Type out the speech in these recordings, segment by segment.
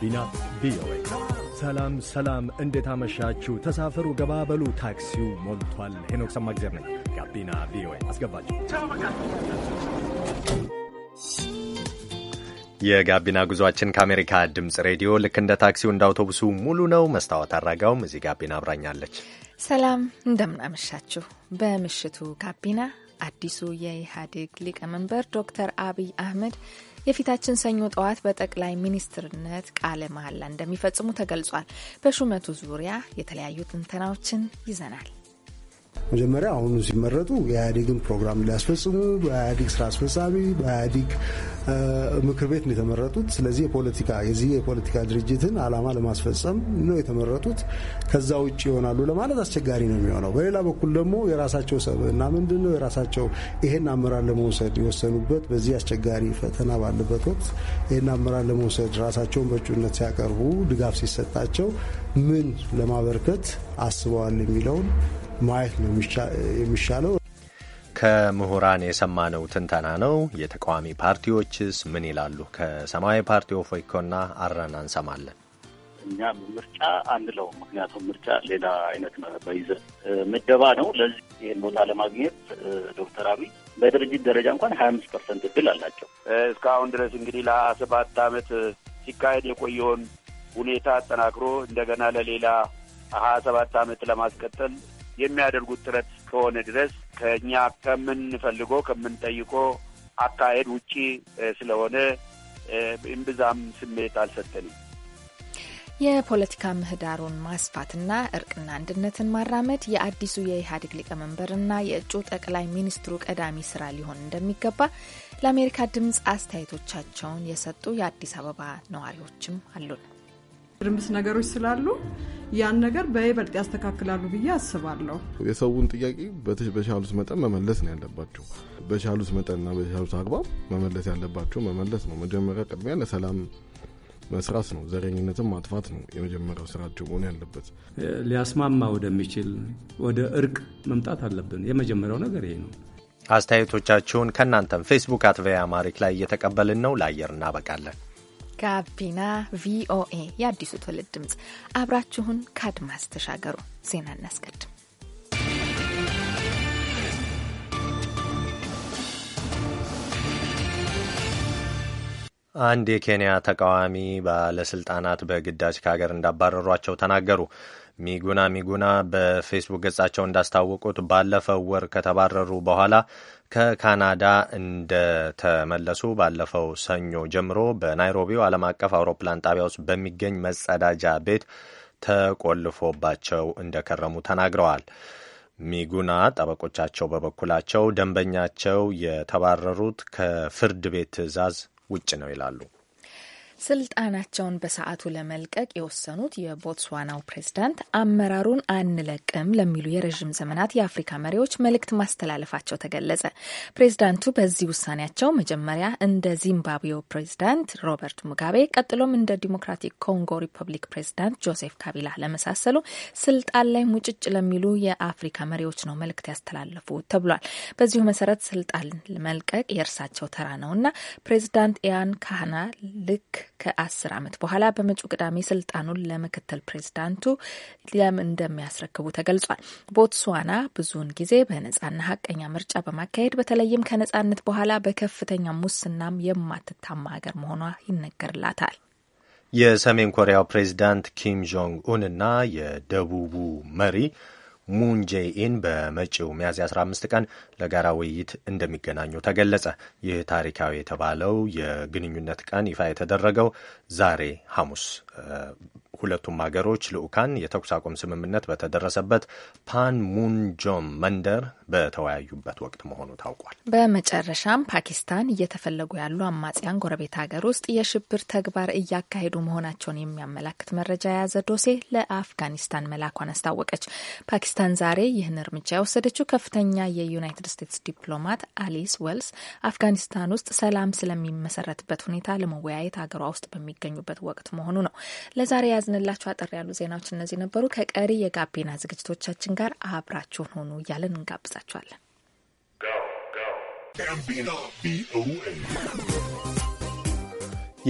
ጋቢና ቪኦኤ። ሰላም ሰላም፣ እንዴት አመሻችሁ? ተሳፈሩ፣ ገባበሉ፣ ታክሲው ሞልቷል። ሄኖክ ሰማግዜር ነኝ። ጋቢና ቪኦኤ ሰላም ሰላም እንዴት አመሻችሁ ተሳፈሩ በሉ ታክሲው ሞልቷል ሄኖክ ሰማግዜር ነኝ ጋቢና ቪኦኤ አስገባችሁ የጋቢና ጉዟችን ከአሜሪካ ድምፅ ሬዲዮ ልክ እንደ ታክሲው እንደ አውቶቡሱ ሙሉ ነው። መስታወት አድራጋውም እዚህ ጋቢና አብራኛለች። ሰላም እንደምናመሻችሁ። በምሽቱ ጋቢና አዲሱ የኢህአዴግ ሊቀመንበር ዶክተር አብይ አህመድ የፊታችን ሰኞ ጠዋት በጠቅላይ ሚኒስትርነት ቃለ መሐላ እንደሚፈጽሙ ተገልጿል። በሹመቱ ዙሪያ የተለያዩ ትንተናዎችን ይዘናል። መጀመሪያ አሁኑ ሲመረጡ የኢህአዴግን ፕሮግራም ሊያስፈጽሙ በኢህአዴግ ስራ አስፈጻሚ በኢህአዴግ ምክር ቤት ነው የተመረጡት። ስለዚህ የፖለቲካ የዚህ የፖለቲካ ድርጅትን አላማ ለማስፈጸም ነው የተመረጡት። ከዛ ውጭ ይሆናሉ ለማለት አስቸጋሪ ነው የሚሆነው። በሌላ በኩል ደግሞ የራሳቸው ሰብዕና ምንድን ነው የራሳቸው ይሄን አመራር ለመውሰድ የወሰኑበት በዚህ አስቸጋሪ ፈተና ባለበት ወቅት ይህን አመራር ለመውሰድ ራሳቸውን በእጩነት ሲያቀርቡ ድጋፍ ሲሰጣቸው ምን ለማበርከት አስበዋል የሚለውን ማየት ነው የሚሻለው። ከምሁራን የሰማነው ትንተና ነው። የተቃዋሚ ፓርቲዎችስ ምን ይላሉ? ከሰማያዊ ፓርቲ ኦፌኮና አረና እንሰማለን። እኛ ምርጫ አንለውም። ምክንያቱም ምርጫ ሌላ አይነት ነው በይዘት ምደባ ነው። ለዚህ ይህን ቦታ ለማግኘት ዶክተር አብይ በድርጅት ደረጃ እንኳን ሀያ አምስት ፐርሰንት እድል አላቸው። እስካሁን ድረስ እንግዲህ ለሀያ ሰባት አመት ሲካሄድ የቆየውን ሁኔታ አጠናክሮ እንደገና ለሌላ ሀያ ሰባት አመት ለማስቀጠል የሚያደርጉት ጥረት ከሆነ ድረስ ከእኛ ከምንፈልጎ ከምንጠይቆ አካሄድ ውጪ ስለሆነ እምብዛም ስሜት አልሰጠንም። የፖለቲካ ምህዳሩን ማስፋትና እርቅና አንድነትን ማራመድ የአዲሱ የኢህአዴግ ሊቀመንበርና የእጩ ጠቅላይ ሚኒስትሩ ቀዳሚ ስራ ሊሆን እንደሚገባ ለአሜሪካ ድምፅ አስተያየቶቻቸውን የሰጡ የአዲስ አበባ ነዋሪዎችም አሉን። ድርምስ ነገሮች ስላሉ ያን ነገር በይበልጥ ያስተካክላሉ ብዬ አስባለሁ። የሰውን ጥያቄ በቻሉት መጠን መመለስ ነው ያለባቸው። በቻሉት መጠንና በቻሉት አግባብ መመለስ ያለባቸው መመለስ ነው። መጀመሪያ ቅድሚያ ለሰላም መስራት ነው። ዘረኝነትን ማጥፋት ነው የመጀመሪያው ስራቸው መሆን ያለበት። ሊያስማማ ወደሚችል ወደ እርቅ መምጣት አለብን። የመጀመሪያው ነገር ይሄ ነው። አስተያየቶቻችሁን ከእናንተም ፌስቡክ አት ቪኦኤ አማሪክ ላይ እየተቀበልን ነው። ለአየር እናበቃለን። ጋቢና ቪኦኤ የአዲሱ ትውልድ ድምፅ፣ አብራችሁን ከአድማስ ተሻገሩ። ዜና እናስቀድም። አንድ የኬንያ ተቃዋሚ ባለስልጣናት በግዳጅ ከሀገር እንዳባረሯቸው ተናገሩ። ሚጉና ሚጉና በፌስቡክ ገጻቸው እንዳስታወቁት ባለፈው ወር ከተባረሩ በኋላ ከካናዳ እንደተመለሱ ባለፈው ሰኞ ጀምሮ በናይሮቢው ዓለም አቀፍ አውሮፕላን ጣቢያ ውስጥ በሚገኝ መጸዳጃ ቤት ተቆልፎባቸው እንደከረሙ ተናግረዋል። ሚጉና ጠበቆቻቸው በበኩላቸው ደንበኛቸው የተባረሩት ከፍርድ ቤት ትዕዛዝ ውጭ ነው ይላሉ። ስልጣናቸውን በሰዓቱ ለመልቀቅ የወሰኑት የቦትስዋናው ፕሬዝዳንት አመራሩን አንለቅም ለሚሉ የረዥም ዘመናት የአፍሪካ መሪዎች መልእክት ማስተላለፋቸው ተገለጸ። ፕሬዝዳንቱ በዚህ ውሳኔያቸው መጀመሪያ እንደ ዚምባብዌው ፕሬዝዳንት ሮበርት ሙጋቤ ቀጥሎም እንደ ዲሞክራቲክ ኮንጎ ሪፐብሊክ ፕሬዝዳንት ጆሴፍ ካቢላ ለመሳሰሉ ስልጣን ላይ ሙጭጭ ለሚሉ የአፍሪካ መሪዎች ነው መልእክት ያስተላለፉ ተብሏል። በዚሁ መሰረት ስልጣን መልቀቅ የእርሳቸው ተራ ነውና ፕሬዝዳንት ኢያን ካህና ልክ ከአስር ዓመት በኋላ በመጪው ቅዳሜ ስልጣኑን ለምክትል ፕሬዚዳንቱ እንደሚያስረክቡ ተገልጿል። ቦትስዋና ብዙውን ጊዜ በነጻና ሀቀኛ ምርጫ በማካሄድ በተለይም ከነጻነት በኋላ በከፍተኛ ሙስናም የማትታማ ሀገር መሆኗ ይነገርላታል። የሰሜን ኮሪያው ፕሬዚዳንት ኪም ጆንግ ኡን እና የደቡቡ መሪ ሙን ጄኢን በመጪው ሚያዝያ 15 ቀን ለጋራ ውይይት እንደሚገናኙ ተገለጸ። ይህ ታሪካዊ የተባለው የግንኙነት ቀን ይፋ የተደረገው ዛሬ ሐሙስ ሁለቱም ሀገሮች ልዑካን የተኩስ አቁም ስምምነት በተደረሰበት ፓን ሙንጆም መንደር በተወያዩበት ወቅት መሆኑ ታውቋል። በመጨረሻም ፓኪስታን እየተፈለጉ ያሉ አማጽያን ጎረቤት ሀገር ውስጥ የሽብር ተግባር እያካሄዱ መሆናቸውን የሚያመላክት መረጃ የያዘ ዶሴ ለአፍጋኒስታን መላኳን አስታወቀች። ፓኪስታን ዛሬ ይህን እርምጃ የወሰደችው ከፍተኛ የዩናይትድ ስቴትስ ዲፕሎማት አሊስ ዌልስ አፍጋኒስታን ውስጥ ሰላም ስለሚመሰረትበት ሁኔታ ለመወያየት ሀገሯ ውስጥ በሚገኙበት ወቅት መሆኑ ነው። ለዛሬ የያዝንላችሁ አጠር ያሉ ዜናዎች እነዚህ ነበሩ። ከቀሪ የጋቢና ዝግጅቶቻችን ጋር አብራችሁን ሆኑ እያለን እንጋብዛችኋለን።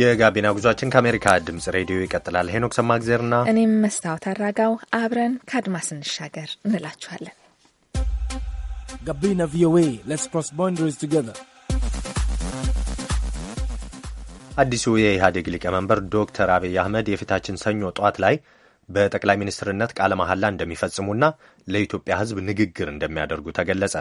የጋቢና ጉዟችን ከአሜሪካ ድምጽ ሬዲዮ ይቀጥላል። ሄኖክ ሰማግዜርና እኔም መስታወት አራጋው አብረን ከአድማስ እንሻገር እንላችኋለን። ጋቢና ቪኦኤ ሌትስ ክሮስ ባውንደሪስ ቱጌዘር አዲሱ የኢህአዴግ ሊቀመንበር ዶክተር አብይ አህመድ የፊታችን ሰኞ ጠዋት ላይ በጠቅላይ ሚኒስትርነት ቃለ መሐላ እንደሚፈጽሙና ለኢትዮጵያ ሕዝብ ንግግር እንደሚያደርጉ ተገለጸ።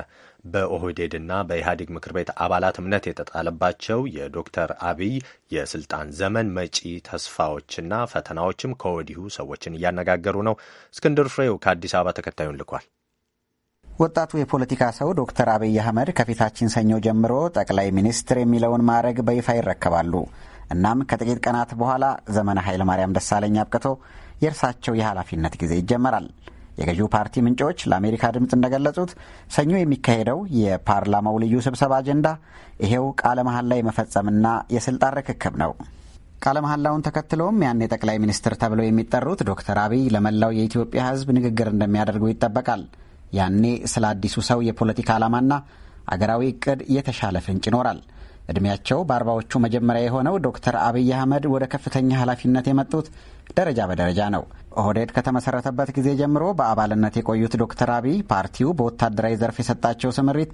በኦህዴድና በኢህአዴግ ምክር ቤት አባላት እምነት የተጣለባቸው የዶክተር አብይ የስልጣን ዘመን መጪ ተስፋዎችና ፈተናዎችም ከወዲሁ ሰዎችን እያነጋገሩ ነው። እስክንድር ፍሬው ከአዲስ አበባ ተከታዩን ልኳል። ወጣቱ የፖለቲካ ሰው ዶክተር አብይ አህመድ ከፊታችን ሰኞ ጀምሮ ጠቅላይ ሚኒስትር የሚለውን ማዕረግ በይፋ ይረከባሉ። እናም ከጥቂት ቀናት በኋላ ዘመነ ኃይለ ማርያም ደሳለኝ አብቅቶ የእርሳቸው የኃላፊነት ጊዜ ይጀመራል። የገዢው ፓርቲ ምንጮች ለአሜሪካ ድምፅ እንደገለጹት ሰኞ የሚካሄደው የፓርላማው ልዩ ስብሰባ አጀንዳ ይሄው ቃለ መሐላ መፈጸምና የስልጣን ርክክብ ነው። ቃለ መሐላውን ተከትሎም ያን የጠቅላይ ሚኒስትር ተብለው የሚጠሩት ዶክተር አብይ ለመላው የኢትዮጵያ ሕዝብ ንግግር እንደሚያደርጉ ይጠበቃል። ያኔ ስለ አዲሱ ሰው የፖለቲካ ዓላማና አገራዊ እቅድ የተሻለ ፍንጭ ይኖራል። እድሜያቸው በአርባዎቹ መጀመሪያ የሆነው ዶክተር አብይ አህመድ ወደ ከፍተኛ ኃላፊነት የመጡት ደረጃ በደረጃ ነው። ኦህዴድ ከተመሰረተበት ጊዜ ጀምሮ በአባልነት የቆዩት ዶክተር አብይ ፓርቲው በወታደራዊ ዘርፍ የሰጣቸው ስምሪት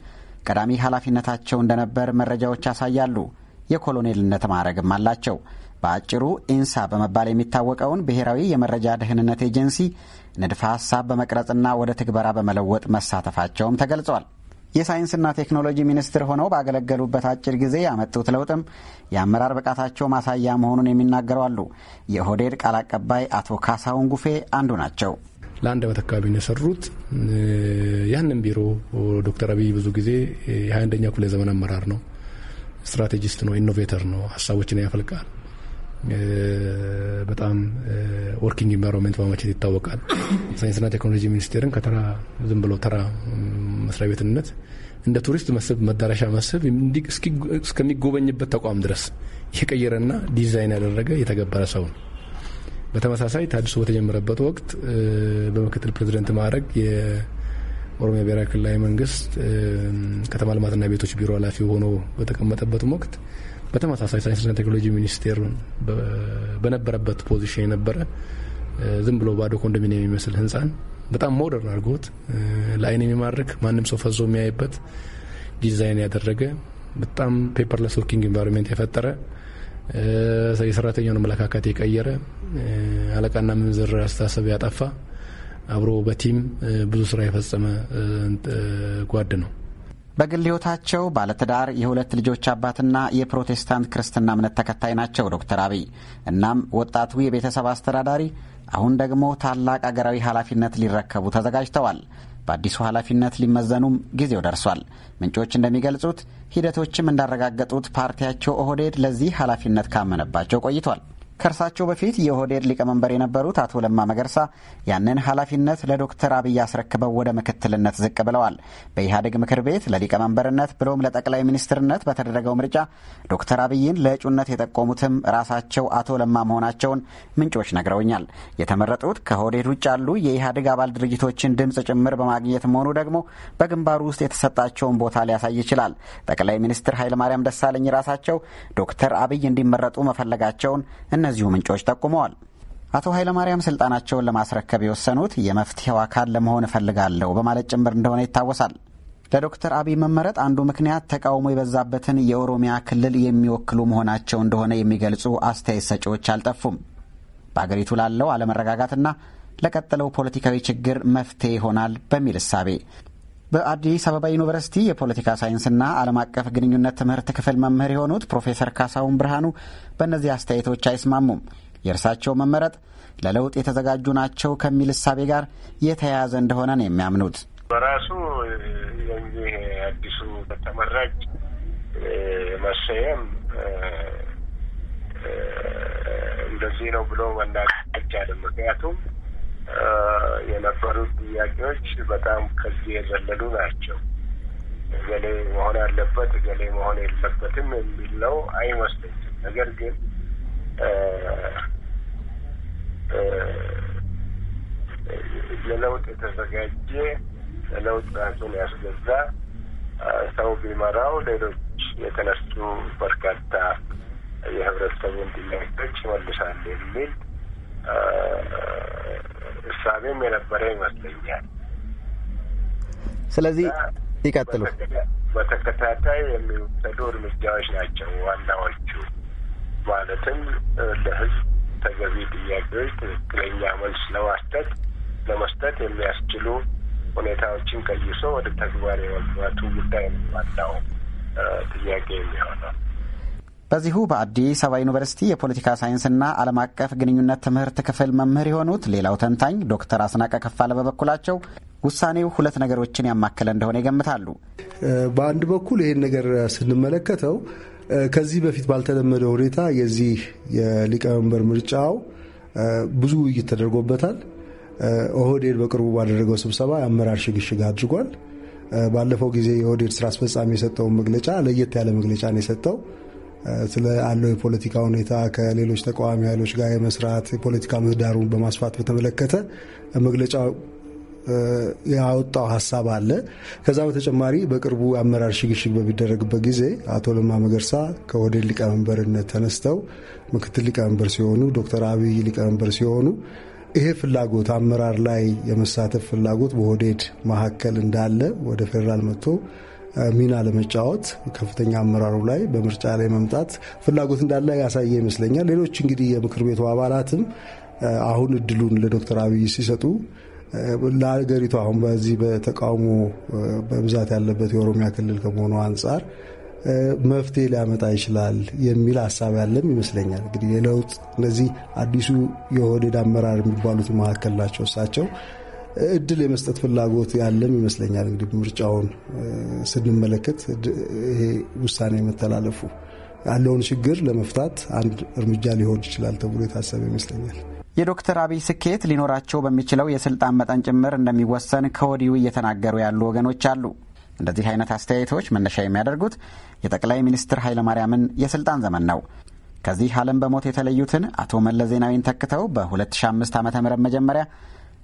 ቀዳሚ ኃላፊነታቸው እንደነበር መረጃዎች ያሳያሉ። የኮሎኔልነት ማዕረግም አላቸው። በአጭሩ ኢንሳ በመባል የሚታወቀውን ብሔራዊ የመረጃ ደህንነት ኤጀንሲ ንድፈ ሀሳብ በመቅረጽና ወደ ትግበራ በመለወጥ መሳተፋቸውም ተገልጿል። የሳይንስና ቴክኖሎጂ ሚኒስትር ሆነው ባገለገሉበት አጭር ጊዜ ያመጡት ለውጥም የአመራር ብቃታቸው ማሳያ መሆኑን የሚናገሩ አሉ። የኦህዴድ ቃል አቀባይ አቶ ካሳሁን ጉፌ አንዱ ናቸው። ለአንድ ዓመት አካባቢ ነው የሰሩት። ያንን ቢሮ ዶክተር አብይ ብዙ ጊዜ የ አንደኛ ክፍለ ዘመን አመራር ነው፣ ስትራቴጂስት ነው፣ ኢኖቬተር ነው፣ ሀሳቦችን ያፈልቃል በጣም ወርኪንግ ኢንቫይሮንመንት በማመቸት ይታወቃል። ሳይንስና ቴክኖሎጂ ሚኒስቴርን ከተራ ዝም ብሎ ተራ መስሪያ ቤትነት እንደ ቱሪስት መስህብ መዳረሻ መስህብ እስከሚጎበኝበት ተቋም ድረስ የቀየረና ዲዛይን ያደረገ የተገበረ ሰው ነው። በተመሳሳይ ታድሶ በተጀመረበት ወቅት በምክትል ፕሬዚደንት ማዕረግ የኦሮሚያ ብሔራዊ ክልላዊ መንግስት ከተማ ልማትና ቤቶች ቢሮ ኃላፊ ሆኖ በተቀመጠበትም ወቅት በተመሳሳይ ሳይንስና ቴክኖሎጂ ሚኒስቴር በነበረበት ፖዚሽን የነበረ ዝም ብሎ ባዶ ኮንዶሚኒየም የሚመስል ህንፃን በጣም ሞደርን አድርጎት ለአይን የሚማርክ ማንም ሰው ፈዞ የሚያይበት ዲዛይን ያደረገ በጣም ፔፐርለስ ወርኪንግ ኢንቫይሮንሜንት የፈጠረ የሰራተኛውን አመለካከት የቀየረ አለቃና ምንዝር አስተሳሰብ ያጠፋ አብሮ በቲም ብዙ ስራ የፈጸመ ጓድ ነው። በግል ህይወታቸው ባለትዳር የሁለት ልጆች አባትና የፕሮቴስታንት ክርስትና እምነት ተከታይ ናቸው ዶክተር አብይ። እናም ወጣቱ የቤተሰብ አስተዳዳሪ አሁን ደግሞ ታላቅ አገራዊ ኃላፊነት ሊረከቡ ተዘጋጅተዋል። በአዲሱ ኃላፊነት ሊመዘኑም ጊዜው ደርሷል። ምንጮች እንደሚገልጹት ሂደቶችም እንዳረጋገጡት ፓርቲያቸው ኦህዴድ ለዚህ ኃላፊነት ካመነባቸው ቆይቷል። ከእርሳቸው በፊት የኦህዴድ ሊቀመንበር የነበሩት አቶ ለማ መገርሳ ያንን ኃላፊነት ለዶክተር አብይ አስረክበው ወደ ምክትልነት ዝቅ ብለዋል። በኢህአዴግ ምክር ቤት ለሊቀመንበርነት ብሎም ለጠቅላይ ሚኒስትርነት በተደረገው ምርጫ ዶክተር አብይን ለእጩነት የጠቆሙትም ራሳቸው አቶ ለማ መሆናቸውን ምንጮች ነግረውኛል። የተመረጡት ከኦህዴድ ውጭ ያሉ የኢህአዴግ አባል ድርጅቶችን ድምፅ ጭምር በማግኘት መሆኑ ደግሞ በግንባሩ ውስጥ የተሰጣቸውን ቦታ ሊያሳይ ይችላል። ጠቅላይ ሚኒስትር ኃይለማርያም ደሳለኝ ራሳቸው ዶክተር አብይ እንዲመረጡ መፈለጋቸውን እነዚሁ ምንጮች ጠቁመዋል። አቶ ኃይለማርያም ስልጣናቸውን ለማስረከብ የወሰኑት የመፍትሄው አካል ለመሆን እፈልጋለሁ በማለት ጭምር እንደሆነ ይታወሳል። ለዶክተር አብይ መመረጥ አንዱ ምክንያት ተቃውሞ የበዛበትን የኦሮሚያ ክልል የሚወክሉ መሆናቸው እንደሆነ የሚገልጹ አስተያየት ሰጪዎች አልጠፉም። በአገሪቱ ላለው አለመረጋጋትና ለቀጠለው ፖለቲካዊ ችግር መፍትሄ ይሆናል በሚል እሳቤ በአዲስ አበባ ዩኒቨርሲቲ የፖለቲካ ሳይንስና ዓለም አቀፍ ግንኙነት ትምህርት ክፍል መምህር የሆኑት ፕሮፌሰር ካሳሁን ብርሃኑ በእነዚህ አስተያየቶች አይስማሙም። የእርሳቸው መመረጥ ለለውጥ የተዘጋጁ ናቸው ከሚል እሳቤ ጋር የተያያዘ እንደሆነ ነው የሚያምኑት። በራሱ የዚህ አዲሱ ተመራጭ መሰየም እንደዚህ ነው ብሎ መናገር አይቻልም። ምክንያቱም የነበሩት ጥያቄዎች በጣም ከዚህ የዘለሉ ናቸው። እገሌ መሆን አለበት እገሌ መሆን የለበትም የሚል ነው አይመስለኝም። ነገር ግን ለለውጥ የተዘጋጀ ለለውጥ ራሱን ያስገዛ ሰው ቢመራው ሌሎች የተነሱ በርካታ የህብረተሰቡን ጥያቄዎች ይመልሳል የሚል እሳቤም የነበረ ይመስለኛል። ስለዚህ ይቀጥሉ። በተከታታይ የሚወሰዱ እርምጃዎች ናቸው ዋናዎቹ። ማለትም ለህዝብ ተገቢ ጥያቄዎች ትክክለኛ መልስ ለማስጠት ለመስጠት የሚያስችሉ ሁኔታዎችን ቀይሶ ወደ ተግባር የመግባቱ ጉዳይ ነው ዋናው ጥያቄ የሚሆነው። በዚሁ በአዲስ አበባ ዩኒቨርሲቲ የፖለቲካ ሳይንስና ዓለም አቀፍ ግንኙነት ትምህርት ክፍል መምህር የሆኑት ሌላው ተንታኝ ዶክተር አስናቀ ከፋለ በበኩላቸው ውሳኔው ሁለት ነገሮችን ያማከለ እንደሆነ ይገምታሉ። በአንድ በኩል ይህን ነገር ስንመለከተው ከዚህ በፊት ባልተለመደ ሁኔታ የዚህ የሊቀመንበር ምርጫው ብዙ ውይይት ተደርጎበታል። ኦህዴድ በቅርቡ ባደረገው ስብሰባ የአመራር ሽግሽግ አድርጓል። ባለፈው ጊዜ የኦህዴድ ስራ አስፈጻሚ የሰጠውን መግለጫ ለየት ያለ መግለጫ ነው የሰጠው። ስለ አለው የፖለቲካ ሁኔታ ከሌሎች ተቃዋሚ ኃይሎች ጋር የመስራት የፖለቲካ ምህዳሩን በማስፋት በተመለከተ መግለጫ ያወጣው ሀሳብ አለ። ከዛ በተጨማሪ በቅርቡ አመራር ሽግሽግ በሚደረግበት ጊዜ አቶ ለማ መገርሳ ከወደድ ሊቀመንበርነት ተነስተው ምክትል ሊቀመንበር ሲሆኑ፣ ዶክተር አብይ ሊቀመንበር ሲሆኑ ይሄ ፍላጎት አመራር ላይ የመሳተፍ ፍላጎት በኦህዴድ መካከል እንዳለ ወደ ፌዴራል መጥቶ ሚና ለመጫወት ከፍተኛ አመራሩ ላይ በምርጫ ላይ መምጣት ፍላጎት እንዳለ ያሳየ ይመስለኛል። ሌሎች እንግዲህ የምክር ቤቱ አባላትም አሁን እድሉን ለዶክተር አብይ ሲሰጡ ለሀገሪቱ አሁን በዚህ በተቃውሞ በብዛት ያለበት የኦሮሚያ ክልል ከመሆኑ አንጻር መፍትሄ ሊያመጣ ይችላል የሚል ሀሳብ ያለም ይመስለኛል። እንግዲህ የለውጥ እነዚህ አዲሱ የኦህዴድ አመራር የሚባሉት መካከል ናቸው እሳቸው እድል የመስጠት ፍላጎት ያለም ይመስለኛል። እንግዲህ ምርጫውን ስንመለከት ይሄ ውሳኔ የመተላለፉ ያለውን ችግር ለመፍታት አንድ እርምጃ ሊሆን ይችላል ተብሎ የታሰበ ይመስለኛል። የዶክተር አብይ ስኬት ሊኖራቸው በሚችለው የስልጣን መጠን ጭምር እንደሚወሰን ከወዲሁ እየተናገሩ ያሉ ወገኖች አሉ። እንደዚህ አይነት አስተያየቶች መነሻ የሚያደርጉት የጠቅላይ ሚኒስትር ኃይለማርያምን የስልጣን ዘመን ነው። ከዚህ ዓለም በሞት የተለዩትን አቶ መለስ ዜናዊን ተክተው በ2005 ዓ ም መጀመሪያ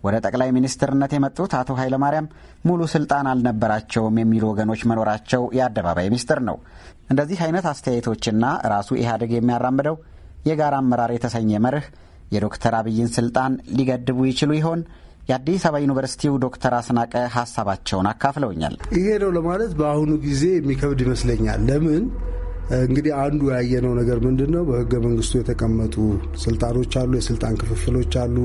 ወደ ጠቅላይ ሚኒስትርነት የመጡት አቶ ኃይለማርያም ሙሉ ስልጣን አልነበራቸውም የሚሉ ወገኖች መኖራቸው የአደባባይ ሚስጥር ነው። እንደዚህ አይነት አስተያየቶችና ራሱ ኢህአዴግ የሚያራምደው የጋራ አመራር የተሰኘ መርህ የዶክተር አብይን ስልጣን ሊገድቡ ይችሉ ይሆን? የአዲስ አበባ ዩኒቨርሲቲው ዶክተር አስናቀ ሀሳባቸውን አካፍለውኛል። ይሄ ነው ለማለት በአሁኑ ጊዜ የሚከብድ ይመስለኛል። ለምን እንግዲህ አንዱ ያየነው ነገር ምንድን ነው? በህገ መንግስቱ የተቀመጡ ስልጣኖች አሉ፣ የስልጣን ክፍፍሎች አሉ።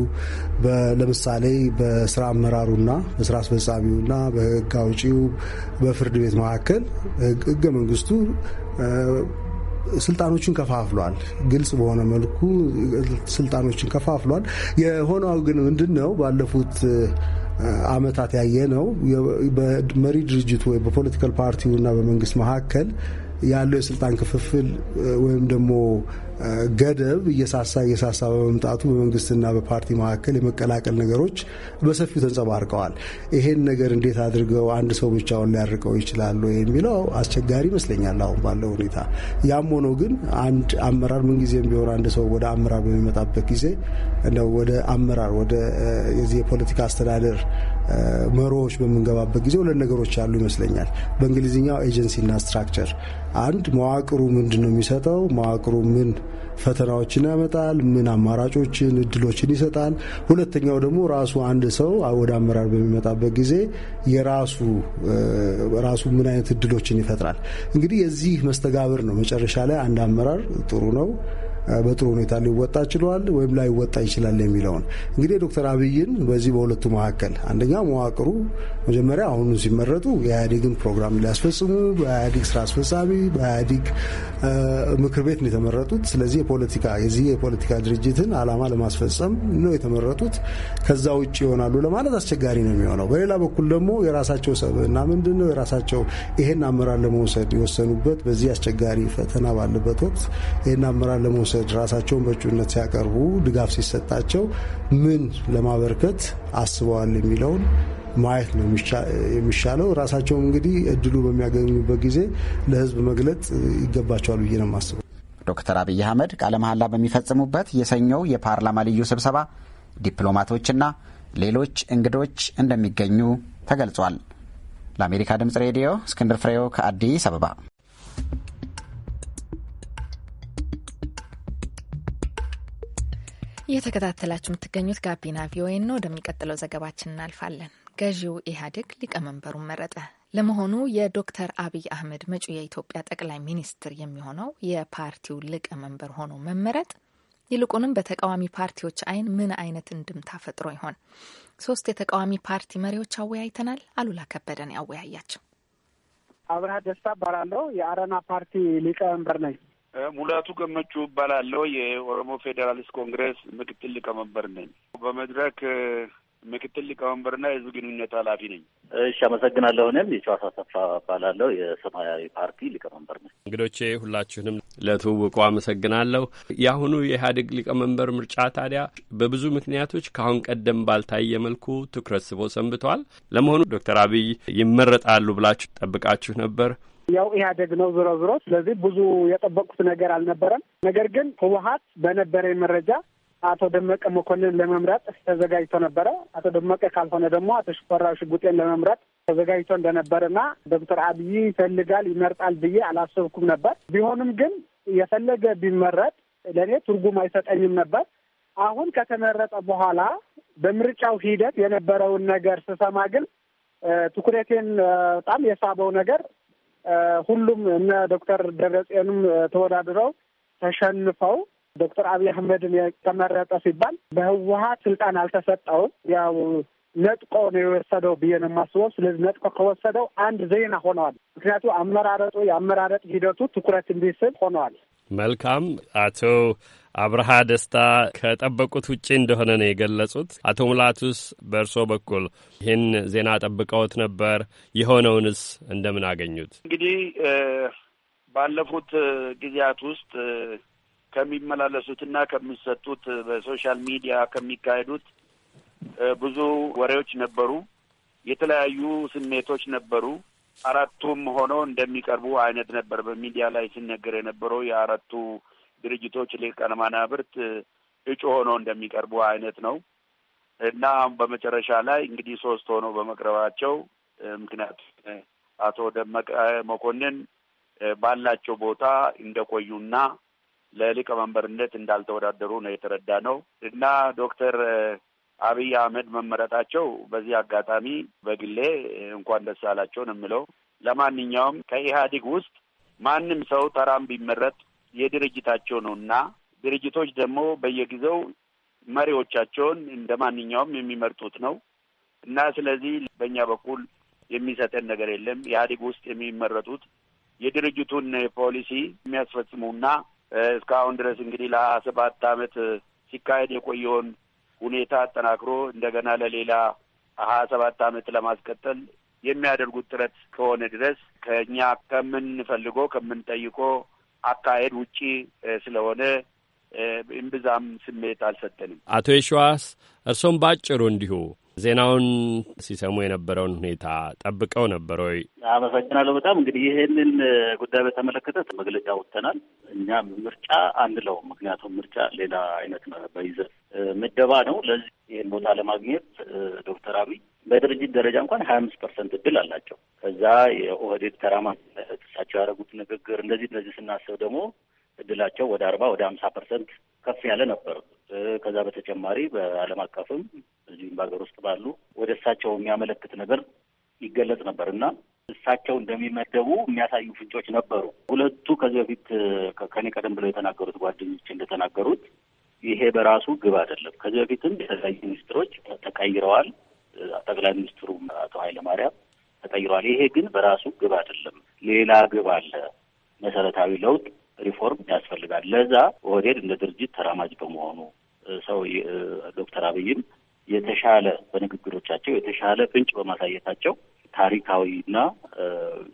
ለምሳሌ በስራ አመራሩና በስራ አስፈጻሚውና በህግ አውጪው በፍርድ ቤት መካከል ህገ መንግስቱ ስልጣኖችን ከፋፍሏል። ግልጽ በሆነ መልኩ ስልጣኖችን ከፋፍሏል። የሆነው ግን ምንድን ነው ባለፉት አመታት ያየ ነው በመሪ ድርጅቱ ወይ በፖለቲካል ፓርቲውና በመንግስት መካከል ያለው የስልጣን ክፍፍል ወይም ደግሞ ገደብ እየሳሳ እየሳሳ በመምጣቱ በመንግስትና በፓርቲ መካከል የመቀላቀል ነገሮች በሰፊው ተንጸባርቀዋል። ይሄን ነገር እንዴት አድርገው አንድ ሰው ብቻውን ሊያርቀው ይችላሉ የሚለው አስቸጋሪ ይመስለኛል አሁን ባለው ሁኔታ። ያም ሆኖ ግን አንድ አመራር ምንጊዜም ቢሆን አንድ ሰው ወደ አመራር በሚመጣበት ጊዜ ወደ አመራር ወደ የዚህ የፖለቲካ አስተዳደር መሮዎች በምንገባበት ጊዜ ሁለት ነገሮች ያሉ ይመስለኛል። በእንግሊዝኛው ኤጀንሲና ስትራክቸር፣ አንድ መዋቅሩ ምንድን ነው የሚሰጠው? መዋቅሩ ምን ፈተናዎችን ያመጣል? ምን አማራጮችን፣ እድሎችን ይሰጣል? ሁለተኛው ደግሞ ራሱ አንድ ሰው ወደ አመራር በሚመጣበት ጊዜ የራሱ ራሱ ምን አይነት እድሎችን ይፈጥራል? እንግዲህ የዚህ መስተጋብር ነው መጨረሻ ላይ አንድ አመራር ጥሩ ነው በጥሩ ሁኔታ ሊወጣ ችሏል ወይም ላይወጣ ይችላል የሚለውን እንግዲህ ዶክተር አብይን በዚህ በሁለቱ መካከል አንደኛ መዋቅሩ መጀመሪያ አሁኑ ሲመረጡ የኢህአዴግን ፕሮግራም ሊያስፈጽሙ በኢህአዴግ ስራ አስፈጻሚ በኢህአዴግ ምክር ቤት ነው የተመረጡት። ስለዚህ የፖለቲካ የዚህ የፖለቲካ ድርጅትን አላማ ለማስፈጸም ነው የተመረጡት። ከዛ ውጭ ይሆናሉ ለማለት አስቸጋሪ ነው የሚሆነው። በሌላ በኩል ደግሞ የራሳቸው ሰብዕና ምንድን ነው የራሳቸው ይህን አመራር ለመውሰድ የወሰኑበት በዚህ አስቸጋሪ ፈተና ባለበት ወቅት ይህን አመራር ለመውሰድ በመውሰድ ራሳቸውን በእጩነት ሲያቀርቡ ድጋፍ ሲሰጣቸው ምን ለማበርከት አስበዋል የሚለውን ማየት ነው የሚሻለው። ራሳቸውም እንግዲህ እድሉ በሚያገኙበት ጊዜ ለህዝብ መግለጽ ይገባቸዋል ብዬ ነው የማስበው። ዶክተር አብይ አህመድ ቃለ መሐላ በሚፈጽሙበት የሰኞው የፓርላማ ልዩ ስብሰባ ዲፕሎማቶችና ሌሎች እንግዶች እንደሚገኙ ተገልጿል። ለአሜሪካ ድምፅ ሬዲዮ እስክንድር ፍሬው ከአዲስ አበባ እየተከታተላችሁ የምትገኙት ጋቢና ቪኦኤ ነው። ወደሚቀጥለው ዘገባችን እናልፋለን። ገዢው ኢህአዴግ ሊቀመንበሩን መረጠ። ለመሆኑ የዶክተር አብይ አህመድ መጪ የኢትዮጵያ ጠቅላይ ሚኒስትር የሚሆነው የፓርቲው ሊቀመንበር ሆኖ መመረጥ ይልቁንም በተቃዋሚ ፓርቲዎች አይን ምን አይነት እንድምታ ፈጥሮ ይሆን? ሶስት የተቃዋሚ ፓርቲ መሪዎች አወያይተናል። አሉላ ከበደን ያወያያቸው። አብርሃ ደስታ እባላለሁ። የአረና ፓርቲ ሊቀመንበር ነኝ። ሙላቱ ገመቹ እባላለሁ። የኦሮሞ ፌዴራሊስት ኮንግረስ ምክትል ሊቀመንበር ነኝ። በመድረክ ምክትል ሊቀመንበርና የህዝብ ግንኙነት ኃላፊ ነኝ። እሺ፣ አመሰግናለሁ። እኔም የጨዋታ ሰፋ እባላለሁ። የሰማያዊ ፓርቲ ሊቀመንበር ነኝ። እንግዶቼ ሁላችሁንም ለትውውቁ አመሰግናለሁ። የአሁኑ የኢህአዴግ ሊቀመንበር ምርጫ ታዲያ በብዙ ምክንያቶች ከአሁን ቀደም ባልታየ መልኩ ትኩረት ስቦ ሰንብተዋል። ለመሆኑ ዶክተር አብይ ይመረጣሉ ብላችሁ ጠብቃችሁ ነበር? ያው ኢህአዴግ ነው ዝሮ ዝሮ። ስለዚህ ብዙ የጠበቁት ነገር አልነበረም። ነገር ግን ህወሀት በነበረኝ መረጃ አቶ ደመቀ መኮንን ለመምረጥ ተዘጋጅቶ ነበረ። አቶ ደመቀ ካልሆነ ደግሞ አቶ ሽፈራው ሽጉጤን ለመምረጥ ተዘጋጅቶ እንደነበረና ዶክተር አብይ ይፈልጋል ይመርጣል ብዬ አላሰብኩም ነበር። ቢሆንም ግን የፈለገ ቢመረጥ ለእኔ ትርጉም አይሰጠኝም ነበር። አሁን ከተመረጠ በኋላ በምርጫው ሂደት የነበረውን ነገር ስሰማ ግን ትኩረቴን በጣም የሳበው ነገር ሁሉም እነ ዶክተር ደብረጽዮንም ተወዳድረው ተሸንፈው ዶክተር አብይ አህመድን የተመረጠ ሲባል በህወሀት ስልጣን አልተሰጠውም። ያው ነጥቆ ነው የወሰደው ብዬ ነው የማስበው። ስለዚህ ነጥቆ ከወሰደው አንድ ዜና ሆነዋል። ምክንያቱ አመራረጡ የአመራረጥ ሂደቱ ትኩረት እንዲስብ ሆነዋል። መልካም አቶ አብርሃ ደስታ ከጠበቁት ውጪ እንደሆነ ነው የገለጹት። አቶ ሙላቱስ በእርሶ በኩል ይህን ዜና ጠብቀውት ነበር? የሆነውንስ እንደምን አገኙት? እንግዲህ ባለፉት ጊዜያት ውስጥ ከሚመላለሱትና ከሚሰጡት በሶሻል ሚዲያ ከሚካሄዱት ብዙ ወሬዎች ነበሩ። የተለያዩ ስሜቶች ነበሩ። አራቱም ሆነው እንደሚቀርቡ አይነት ነበር በሚዲያ ላይ ሲነገር የነበረው የአራቱ ድርጅቶች ሊቃነ መናብርት እጩ ሆኖ እንደሚቀርቡ አይነት ነው እና በመጨረሻ ላይ እንግዲህ ሶስት ሆኖ በመቅረባቸው ምክንያቱ አቶ ደመቀ መኮንን ባላቸው ቦታ እንደቆዩና ለሊቀመንበርነት እንዳልተወዳደሩ ነው የተረዳ ነው እና ዶክተር አብይ አህመድ መመረጣቸው በዚህ አጋጣሚ በግሌ እንኳን ደስ ነው የምለው ለማንኛውም ከኢህአዲግ ውስጥ ማንም ሰው ተራም ቢመረጥ የድርጅታቸው ነው እና ድርጅቶች ደግሞ በየጊዜው መሪዎቻቸውን እንደ ማንኛውም የሚመርጡት ነው እና ስለዚህ በእኛ በኩል የሚሰጠን ነገር የለም። ኢህአዴግ ውስጥ የሚመረጡት የድርጅቱን ፖሊሲ የሚያስፈጽሙና እስካሁን ድረስ እንግዲህ ለሀያ ሰባት ሲካሄድ የቆየውን ሁኔታ አጠናክሮ እንደገና ለሌላ ሀያ ሰባት አመት ለማስቀጠል የሚያደርጉት ጥረት ከሆነ ድረስ ከእኛ ከምንፈልጎ ከምንጠይቆ አካሄድ ውጪ ስለሆነ እምብዛም ስሜት አልሰጠንም። አቶ የሸዋስ እርሶም ባጭሩ እንዲሁ ዜናውን ሲሰሙ የነበረውን ሁኔታ ጠብቀው ነበር ወይ? አመሰግናለሁ። በጣም እንግዲህ ይህንን ጉዳይ በተመለከተ መግለጫ ወጥተናል። እኛም ምርጫ አንለውም። ምክንያቱም ምርጫ ሌላ አይነት በይዘት ምደባ ነው። ለዚህ ይህን ቦታ ለማግኘት ዶክተር አብይ በድርጅት ደረጃ እንኳን ሀያ አምስት ፐርሰንት እድል አላቸው። ከዛ የኦህዴድ ተራማ እሳቸው ያደረጉት ንግግር እንደዚህ እንደዚህ ስናስብ ደግሞ እድላቸው ወደ አርባ ወደ ሀምሳ ፐርሰንት ከፍ ያለ ነበር። ከዛ በተጨማሪ በዓለም አቀፍም እዚሁም በሀገር ውስጥ ባሉ ወደ እሳቸው የሚያመለክት ነገር ይገለጽ ነበር እና እሳቸው እንደሚመደቡ የሚያሳዩ ፍንጮች ነበሩ። ሁለቱ ከዚህ በፊት ከኔ ቀደም ብለው የተናገሩት ጓደኞች እንደተናገሩት ይሄ በራሱ ግብ አይደለም። ከዚህ በፊትም የተለያዩ ሚኒስትሮች ተቀይረዋል። ጠቅላይ ሚኒስትሩ አቶ ኃይለማርያም ተቀይሯል። ይሄ ግን በራሱ ግብ አይደለም። ሌላ ግብ አለ። መሰረታዊ ለውጥ ሪፎርም ያስፈልጋል። ለዛ ኦህዴድ እንደ ድርጅት ተራማጅ በመሆኑ ሰው ዶክተር አብይም የተሻለ በንግግሮቻቸው የተሻለ ፍንጭ በማሳየታቸው ታሪካዊና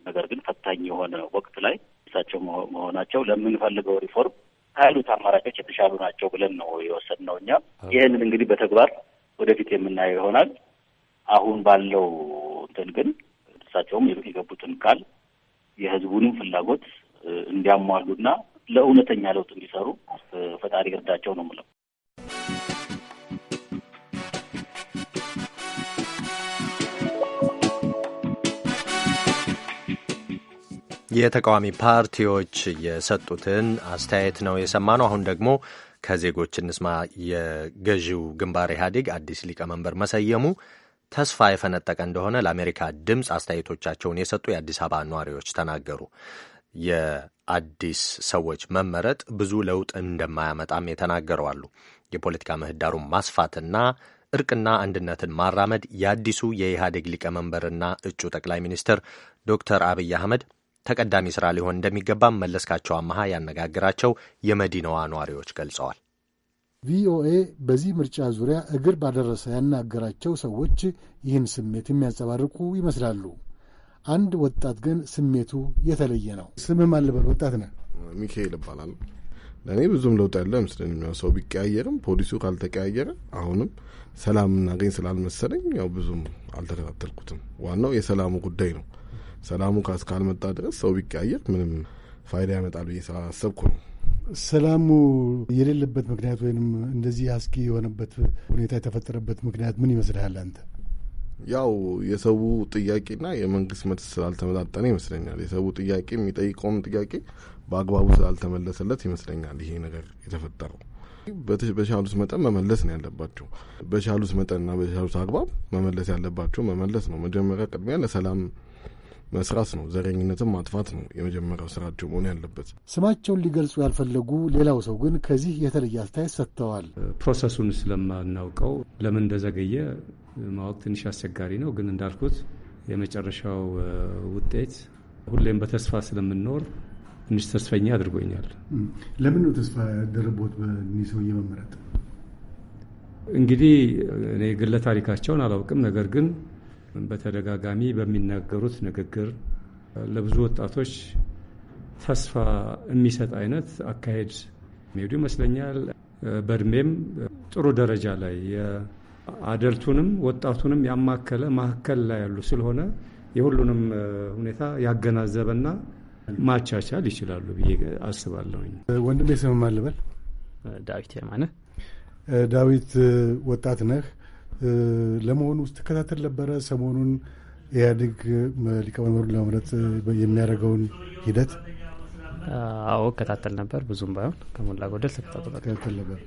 ነገር ግን ፈታኝ የሆነ ወቅት ላይ እሳቸው መሆናቸው ለምንፈልገው ሪፎርም ካሉት አማራጮች የተሻሉ ናቸው ብለን ነው የወሰድነው እኛ። ይህንን እንግዲህ በተግባር ወደፊት የምናየው ይሆናል። አሁን ባለው እንትን ግን እሳቸውም የገቡትን ቃል የህዝቡንም ፍላጎት እንዲያሟሉና ለእውነተኛ ለውጥ እንዲሰሩ ፈጣሪ እርዳቸው ነው የምለው። የተቃዋሚ ፓርቲዎች የሰጡትን አስተያየት ነው የሰማነው። አሁን ደግሞ ከዜጎች እንስማ። የገዢው ግንባር ኢህአዴግ አዲስ ሊቀመንበር መሰየሙ ተስፋ የፈነጠቀ እንደሆነ ለአሜሪካ ድምፅ አስተያየቶቻቸውን የሰጡ የአዲስ አበባ ነዋሪዎች ተናገሩ። የአዲስ ሰዎች መመረጥ ብዙ ለውጥ እንደማያመጣም የተናገሩ አሉ። የፖለቲካ ምህዳሩን ማስፋትና እርቅና አንድነትን ማራመድ የአዲሱ የኢህአዴግ ሊቀመንበርና እጩ ጠቅላይ ሚኒስትር ዶክተር አብይ አህመድ ተቀዳሚ ስራ ሊሆን እንደሚገባም መለስካቸው አመሃ ያነጋግራቸው የመዲናዋ ነዋሪዎች ገልጸዋል። ቪኦኤ በዚህ ምርጫ ዙሪያ እግር ባደረሰ ያናገራቸው ሰዎች ይህን ስሜት የሚያንጸባርቁ ይመስላሉ። አንድ ወጣት ግን ስሜቱ የተለየ ነው። ስምህ አለበት ወጣት ነህ? ሚካኤል ይባላል። ለእኔ ብዙም ለውጥ ያለ አይመስለኝም። ያው ሰው ቢቀያየርም ፖሊሱ ካልተቀያየረ አሁንም ሰላም እናገኝ ስላልመሰለኝ ያው ብዙም አልተከታተልኩትም። ዋናው የሰላሙ ጉዳይ ነው። ሰላሙ ካልመጣ ድረስ ሰው ቢቀያየር ምንም ፋይዳ ያመጣል ብዬ ስላላሰብኩ ነው ሰላሙ የሌለበት ምክንያት ወይም እንደዚህ አስጊ የሆነበት ሁኔታ የተፈጠረበት ምክንያት ምን ይመስልሃል አንተ? ያው የሰው ጥያቄና የመንግስት መልስ ስላልተመጣጠነ ይመስለኛል። የሰው ጥያቄ የሚጠይቀውም ጥያቄ በአግባቡ ስላልተመለሰለት ይመስለኛል ይሄ ነገር የተፈጠረው። በቻሉት መጠን መመለስ ነው ያለባቸው። በቻሉት መጠንና በቻሉት አግባብ መመለስ ያለባቸው መመለስ ነው። መጀመሪያ ቅድሚያ ለሰላም መስራት ነው፣ ዘረኝነትን ማጥፋት ነው የመጀመሪያው ስራቸው መሆን ያለበት። ስማቸውን ሊገልጹ ያልፈለጉ ሌላው ሰው ግን ከዚህ የተለየ አስተያየት ሰጥተዋል። ፕሮሰሱን ስለማናውቀው ለምን እንደዘገየ ማወቅ ትንሽ አስቸጋሪ ነው። ግን እንዳልኩት የመጨረሻው ውጤት ሁሌም በተስፋ ስለምንኖር ትንሽ ተስፈኛ አድርጎኛል። ለምን ነው ተስፋ ያደረቦት በእኒህ ሰው መመረጥ? እንግዲህ እኔ ግለ ታሪካቸውን አላውቅም። ነገር ግን በተደጋጋሚ በሚናገሩት ንግግር ለብዙ ወጣቶች ተስፋ የሚሰጥ አይነት አካሄድ ሄዱ ይመስለኛል። በእድሜም ጥሩ ደረጃ ላይ አደልቱንም ወጣቱንም ያማከለ ማዕከል ላይ ያሉ ስለሆነ የሁሉንም ሁኔታ ያገናዘበና ማቻቻል ይችላሉ ብዬ አስባለሁ። ወንድሜ ስም ማን ልበል? ዳዊት የማነ ዳዊት፣ ወጣት ነህ ለመሆኑ ስትከታተል ነበረ ሰሞኑን ኢህአዴግ ሊቀመንበሩን ለመምረጥ የሚያደርገውን ሂደት? አዎ እከታተል ነበር። ብዙም ባይሆን ከሞላ ጎደል ተከታተል ነበር።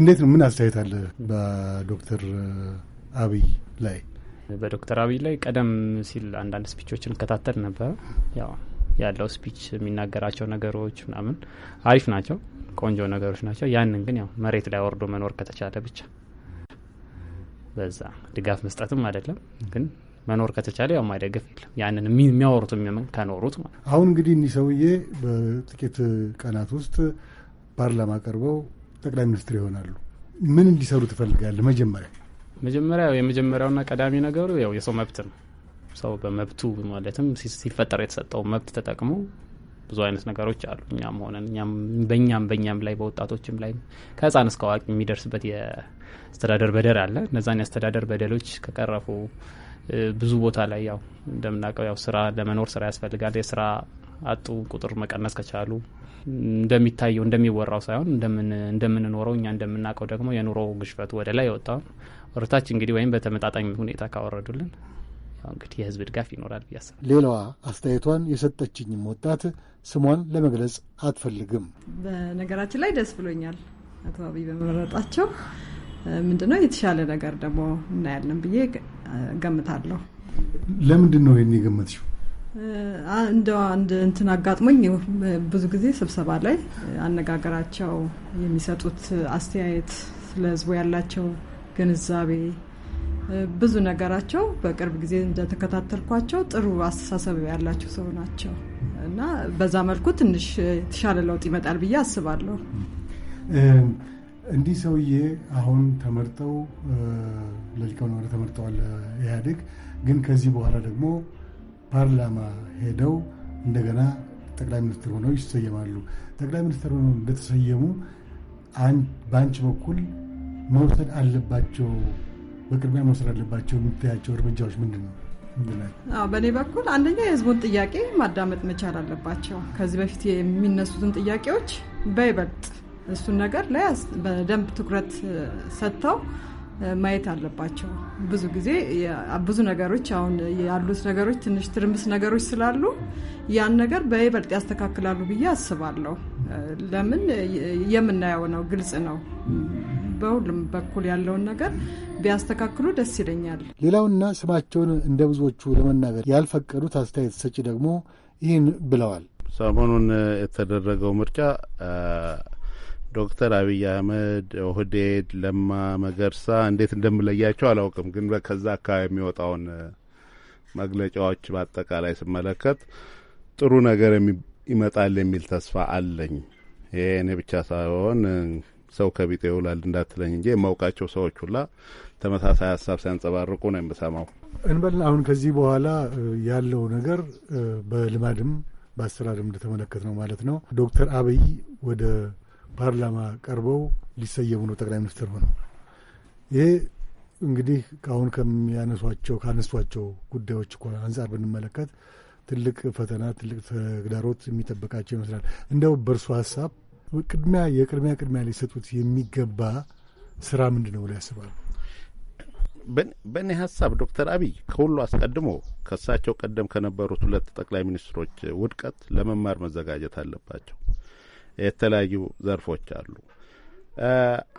እንዴት ነው? ምን አስተያየት አለ በዶክተር አብይ ላይ? በዶክተር አብይ ላይ ቀደም ሲል አንዳንድ ስፒቾችን እከታተል ነበር። ያው ያለው ስፒች የሚናገራቸው ነገሮች ምናምን አሪፍ ናቸው፣ ቆንጆ ነገሮች ናቸው። ያንን ግን ያው መሬት ላይ ወርዶ መኖር ከተቻለ ብቻ በዛ ድጋፍ መስጠትም አይደለም ግን መኖር ከተቻለ ያው ማይደገፍ የለም። ያንን የሚያወሩት ከኖሩት ማለት አሁን እንግዲህ እኒህ ሰውዬ በጥቂት ቀናት ውስጥ ፓርላማ ቀርበው ጠቅላይ ሚኒስትር ይሆናሉ። ምን እንዲሰሩ ትፈልጋለህ? መጀመሪያ መጀመሪያ የመጀመሪያውና ቀዳሚ ነገሩ ያው የሰው መብት ነው። ሰው በመብቱ ማለትም ሲፈጠር የተሰጠው መብት ተጠቅሞ ብዙ አይነት ነገሮች አሉ። እኛም ሆነን እኛም በእኛም በእኛም ላይ በወጣቶችም ላይ ከህፃን እስከ አዋቂ የሚደርስበት የአስተዳደር በደል አለ። እነዛን የአስተዳደር በደሎች ከቀረፉ ብዙ ቦታ ላይ ያው እንደምናውቀው ያው ስራ ለመኖር ስራ ያስፈልጋል። የስራ አጡ ቁጥር መቀነስ ከቻሉ እንደሚታየው እንደሚወራው ሳይሆን እንደምንኖረው እኛ እንደምናውቀው ደግሞ የኑሮ ግሽበቱ ወደ ላይ የወጣውን ወረታች እንግዲህ ወይም በተመጣጣኝ ሁኔታ ካወረዱልን እንግዲህ የህዝብ ድጋፍ ይኖራል ብዬ አስባለሁ። ሌላዋ አስተያየቷን የሰጠችኝም ወጣት ስሟን ለመግለጽ አትፈልግም። በነገራችን ላይ ደስ ብሎኛል አቶ አብይ በመመረጣቸው ምንድነው የተሻለ ነገር ደግሞ እናያለን ብዬ ገምታለሁ። ለምንድን ነው ይህን የገመትሽው? እንደ አንድ እንትን አጋጥሞኝ ብዙ ጊዜ ስብሰባ ላይ አነጋገራቸው፣ የሚሰጡት አስተያየት፣ ስለ ህዝቡ ያላቸው ግንዛቤ ብዙ ነገራቸው በቅርብ ጊዜ እንደተከታተልኳቸው ጥሩ አስተሳሰብ ያላቸው ሰው ናቸው እና በዛ መልኩ ትንሽ የተሻለ ለውጥ ይመጣል ብዬ አስባለሁ። እንዲህ ሰውዬ አሁን ተመርጠው ለሊቀነ ተመርጠዋል ኢህአዴግ ግን ከዚህ በኋላ ደግሞ ፓርላማ ሄደው እንደገና ጠቅላይ ሚኒስትር ሆነው ይሰየማሉ። ጠቅላይ ሚኒስትር ሆነው እንደተሰየሙ በአንቺ በኩል መውሰድ አለባቸው በቅድሚያ መውሰድ አለባቸው የምታያቸው እርምጃዎች ምንድን ነው? በእኔ በኩል አንደኛ የህዝቡን ጥያቄ ማዳመጥ መቻል አለባቸው። ከዚህ በፊት የሚነሱትን ጥያቄዎች በይበልጥ እሱን ነገር ላይ በደንብ ትኩረት ሰጥተው ማየት አለባቸው። ብዙ ጊዜ ብዙ ነገሮች አሁን ያሉት ነገሮች ትንሽ ትርምስ ነገሮች ስላሉ ያን ነገር በይበልጥ ያስተካክላሉ ብዬ አስባለሁ። ለምን የምናየው ነው፣ ግልጽ ነው። በሁሉም በኩል ያለውን ነገር ቢያስተካክሉ ደስ ይለኛል። ሌላውና ስማቸውን እንደ ብዙዎቹ ለመናገር ያልፈቀዱት አስተያየት ሰጪ ደግሞ ይህን ብለዋል። ሰሞኑን የተደረገው ምርጫ ዶክተር አብይ አህመድ፣ ኦህዴድ፣ ለማ መገርሳ እንዴት እንደምለያቸው አላውቅም። ግን ከዛ አካባቢ የሚወጣውን መግለጫዎች በአጠቃላይ ስመለከት ጥሩ ነገር ይመጣል የሚል ተስፋ አለኝ። ይሄ እኔ ብቻ ሳይሆን ሰው ከቢጤ ይውላል እንዳትለኝ እንጂ የማውቃቸው ሰዎች ሁላ ተመሳሳይ ሀሳብ ሲያንጸባርቁ ነው የምሰማው። እንበል አሁን ከዚህ በኋላ ያለው ነገር በልማድም በአሰራርም እንደተመለከት ነው ማለት ነው። ዶክተር አብይ ወደ ፓርላማ ቀርበው ሊሰየሙ ነው ጠቅላይ ሚኒስትር ሆነው። ይሄ እንግዲህ አሁን ከሚያነሷቸው ካነሷቸው ጉዳዮች እኮ አንጻር ብንመለከት ትልቅ ፈተና፣ ትልቅ ተግዳሮት የሚጠበቃቸው ይመስላል። እንደው በእርሱ ሀሳብ ቅድሚያ የቅድሚያ ቅድሚያ ሊሰጡት የሚገባ ስራ ምንድን ነው ብለው ያስባሉ? በእኔ ሀሳብ ዶክተር አብይ ከሁሉ አስቀድሞ ከእሳቸው ቀደም ከነበሩት ሁለት ጠቅላይ ሚኒስትሮች ውድቀት ለመማር መዘጋጀት አለባቸው። የተለያዩ ዘርፎች አሉ።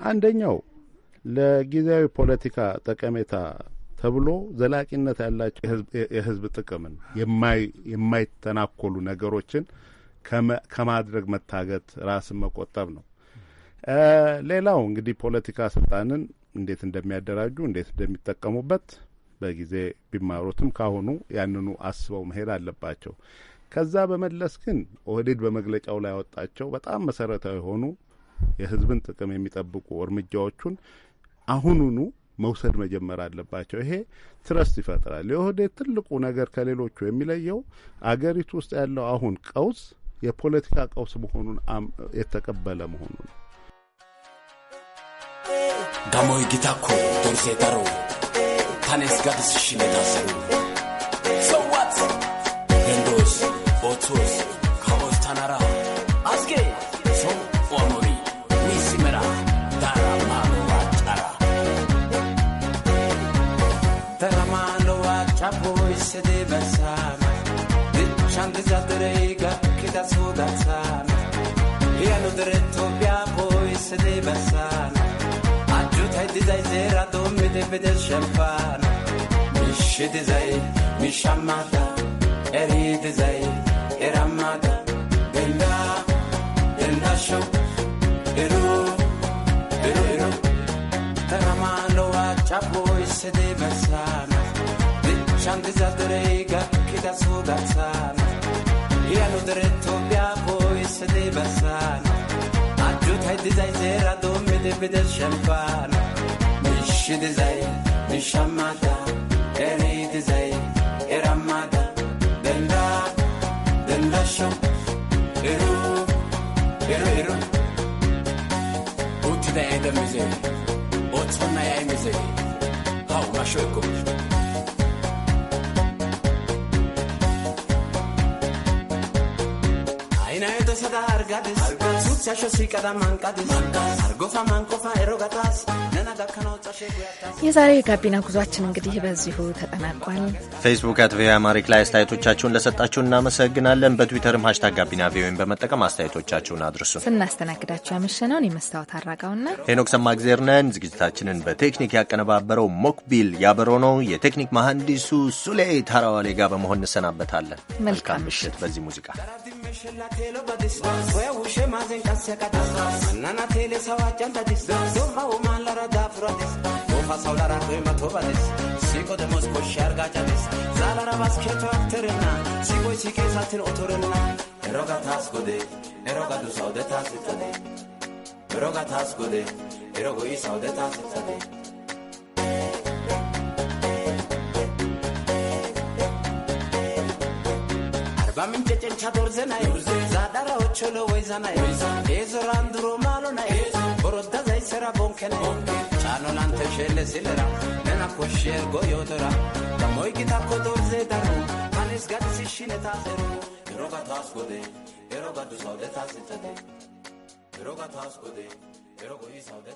አንደኛው ለጊዜያዊ ፖለቲካ ጠቀሜታ ተብሎ ዘላቂነት ያላቸው የህዝብ ጥቅምን የማይተናኮሉ ነገሮችን ከማድረግ መታገት፣ ራስን መቆጠብ ነው። ሌላው እንግዲህ ፖለቲካ ስልጣንን እንዴት እንደሚያደራጁ እንዴት እንደሚጠቀሙበት በጊዜ ቢማሩትም ካሁኑ ያንኑ አስበው መሄድ አለባቸው። ከዛ በመለስ ግን ኦህዴድ በመግለጫው ላይ ያወጣቸው በጣም መሰረታዊ የሆኑ የህዝብን ጥቅም የሚጠብቁ እርምጃዎቹን አሁኑኑ መውሰድ መጀመር አለባቸው። ይሄ ትረስት ይፈጥራል። የኦህዴድ ትልቁ ነገር ከሌሎቹ የሚለየው አገሪቱ ውስጥ ያለው አሁን ቀውስ የፖለቲካ ቀውስ መሆኑን የተቀበለ መሆኑን ጋሞይ ጊታ ኮ ዶርሴ ተሮ ታኔስ ጋድስ ሽን የታሰሩ ሰዋት ገንዶስ ቦቶስ ካሞስ ታናራ አስጌ Chapo is the best. The chant is at the rega. vita sudassana Hiyan-u-dere-Topyaa bo'isidi bessana Ajjuutay dizay zeera doommidi bidil shemppaana Mishshi dizay mishammaata Erii dizay erammaata Dendaa dendaasho iruu iruu iruu Tanamaan waachaa bo'isidi bessana Dichaan diza duree gakkida sudassana Ilaaluudhaan Itoophiyaa boo'isa deebaasaan adduutaa dizaayii seeraa doommite bitee shempaan mishi dizaayii mishammaata erii dizaayii erammaata dandaa dandaasho eruu eruu eruu. Uti na eda mizee ootonna yaa mizee haa uumashoo eeggummaa. to the argadis suuksii ashoosii qadamaan qadis argofa maankofa yeroo የዛሬ የጋቢና ጉዟችን እንግዲህ በዚሁ ተጠናቋል። ፌስቡክ አት ቪኦኤ አማሪክ ላይ አስተያየቶቻችሁን ለሰጣችሁ እናመሰግናለን። በትዊተርም ሀሽታግ ጋቢና ቪኦኤን በመጠቀም አስተያየቶቻችሁን አድርሱ። ስናስተናግዳችሁ ያመሸነውን የመስታወት አራጋውና ሄኖክ ሰማ ጊዜር ነን። ዝግጅታችንን በቴክኒክ ያቀነባበረው ሞክቢል ያበሮ ነው። የቴክኒክ መሐንዲሱ ሱሌ ታራዋሌ ጋር በመሆን እንሰናበታለን። መልካም ምሽት በዚህ ሙዚቃ fue un chema de casa cada nana tele sawa chanta dis do hau mala ra da frodes o fa saula ra de ma toba dis si ko de mosco sharga cha dis zala ra bas ke tak terena si ko si ke sa ter otorena eroga tas ko de eroga du sau de tas ko de eroga tas ko de erogo i sau de tas ko de Samin chencha dorzena yo. Zadara ocholo wezana yo. Ezoran duro malo na yo. Borodda zaysera bonkena yo. Chano lante silera. Nena koshyer goyodora. Moy kita kodorze daro. Manis gatsi shine Eroga tas kode. Eroga du saude tasitade. Eroga tas kode. Eroga i saude